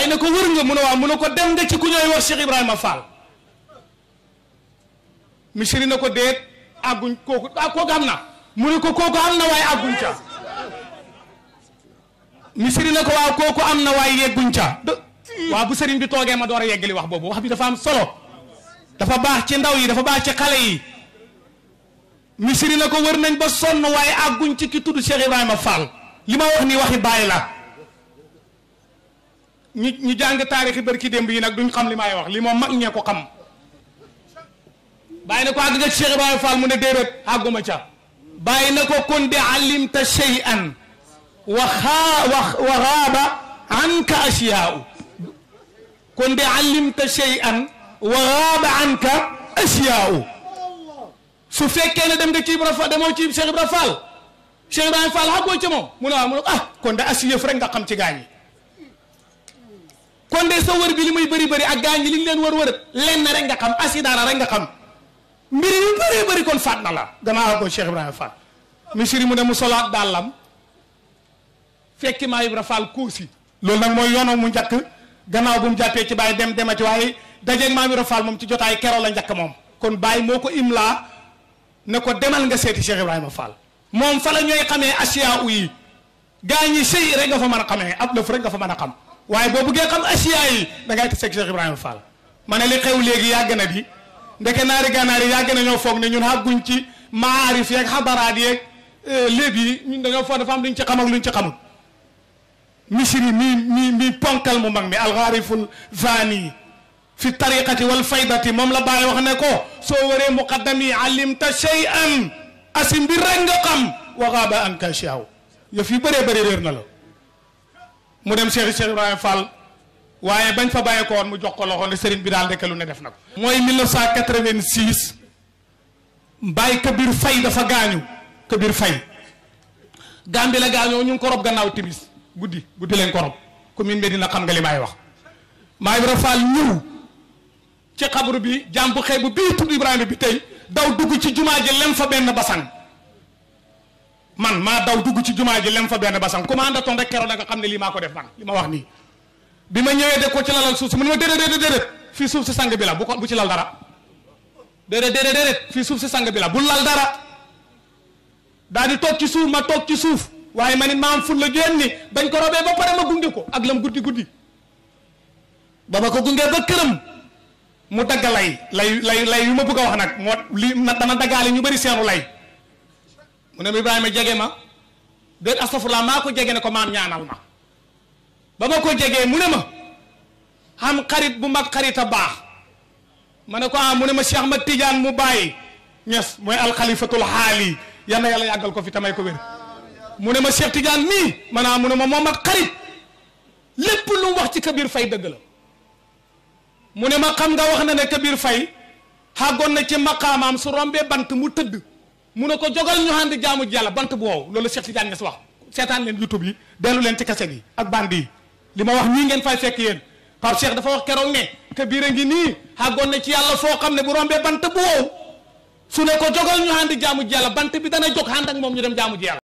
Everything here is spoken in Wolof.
gars na ne ko wër nga mun a waaw mun a ko dem nga ci ku ñooy wax Cheikh Ibrahima Fall misiri na ko déet àgguñ kooku ah kooku am na mu ne ko kooku am na waaye àgguñ ca misiri na ko waaw kooku am na waaye yegguñ ca waaw bu sëriñ bi toogee ma door a yeggali wax boobu wax bi dafa am solo dafa baax ci ndaw yi dafa baax ci xale yi misiri na ko wër nañ ba sonn waaye àgguñ ci ki tudd Cheikh Ibrahima Fall li ma wax ni waxi bàyyi la ñu ñu jàng taarixi barki démb yi nag duñ xam li wax li moom mag ñee ko xam bàyyi ko àgg Cheikh Fall mu ne ca ko kun alimta shay'an wa wa anka ashiyaau kun di alimta shay'an wa anka ashiyaau su fekkee ne dem nga ci Ibrahima Fall ci Cheikh Fall Cheikh Fall mu mu ah kon rek nga xam ci kon de soo wër bi li muy bëri bëri ak gaañ ñi li ñu leen wër wër lenn rek nga xam asidaara rek nga mbir yu bëree kon faat na la danaa ko Cheikh Ibrahima Fall mu ne mu solaat dàllam fekki maa Ibra Fall kóosi loolu nag mooy yoonam mu njëkk gannaaw bu mu jàppee ci bàyyi dem demati waaye dajeeg maa Ibra Fall moom ci jotaay keroo la njëkk moom kon bàyyi moo ko imlaa ne ko demal nga seeti Cheikh Ibrahima Fall moom fa la ñooy xamee asiyaa yi gaa sëy rek nga fa mën a xamee ab lëf rek nga fa mën a xam waaye boo bëggee xam asiya yi da ngay tase ak Cheikh Ibrahima Fall ma ne li xew léegi yàgg na di ndeke naari gànnaar yi yàgg na ñoo foog ne ñun xàgguñ ci maarif yeeg xabaraat yeeg léeb yi ñun dañoo foog dafa am luñ ci xam ak luñ ci xamul misiri mi mi mi ponkal mu mag mi alxaariful zani fi tariqati wal faydati moom la bàyyi wax ne ko soo waree muqaddam yi alimta shay'an asim bi rek nga xam waxaaba anka shiaw yëf yu bëree bëri réer na la mu dem Cheikh Cheikh Ibrahima Fall waaye bañ fa bàyyeekoo mu jox ko loxo ne sëriñ bi daal ndeke lu ne def na ko. mooy 1986 Baye Kabir Faye dafa gaañu Kabir Faye Gàmbi la gaañoo ñu ngi ko rob gannaaw timis guddi guddi leen ko rob commune dina xam nga li may wax maa Ibra Fall ñëw ci xabru bi jàmbu xeebu bii tudd Ibrahima bi tey daw dugg ci jumaa ji lem fa benn basan man ma daw dugg ci juma ji lem fa ben basam kuma andaton rek kero da nga xamne li mako def man li ma wax ni bima ñewé de ko ci lalal suuf mu ne dede dede dede fi suuf ci sang bi la bu ko bu ci lal dara dede dede dede fi suuf ci sang bi la bu lal dara daa di toog ci suuf ma tok ci suuf waye ma ma am ful la bañ ko robé ba pare ma gunge ko ak lam guddi guddi ba ma ko gungee ba kërëm mu dagalay lay lay lay yu ma bëgg wax nak mo li dana dagalé ñu bari seenu lay mu ne ma jege ma déet astafurlaa maa ko jege ne ko maam ñaanal ma ba ma ko jege mu ne ma xam xarit bu mag xarit a baax ma ne ko ah mu ne ma Cheikh ma Tidiane mu bàyyi mooy alxalifatul xaali yal yàlla yàggal ko fi tamay ko wér mu ne ma Cheikh Tidiane mii maanaam ah, mu ne ma moom ak xarit lépp lu wax ci Kabir Fay dëgg la mu ne ma xam nga wax na ne Kabir Fay xàggoon na ci maqaamaam su rombee bant mu tëdd mu ne ko jogal ñu ànd jaamu ji yàlla bant bu wow loolu Cheikh Tidiane Niass wax seetaan leen youtube yi dellu leen ci kase gi ak band yi li ma wax nii ngeen fay fekk yéen Pape Cheikh dafa wax keroog ne te biir a ngi nii xàggoon na ci yàlla foo xam ne bu rombee bant bu wow su ne ko jogal ñu ànd jaamu ji yàlla bant bi dana jóg ànd moom ñu dem jaamu ji yàlla